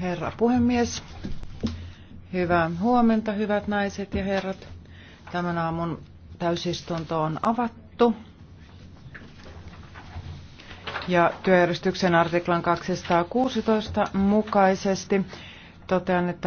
Herra puhemies, hyvää huomenta, hyvät naiset ja herrat. Tämän aamun täysistunto on avattu. Ja työjärjestyksen artiklan 216 mukaisesti totean, että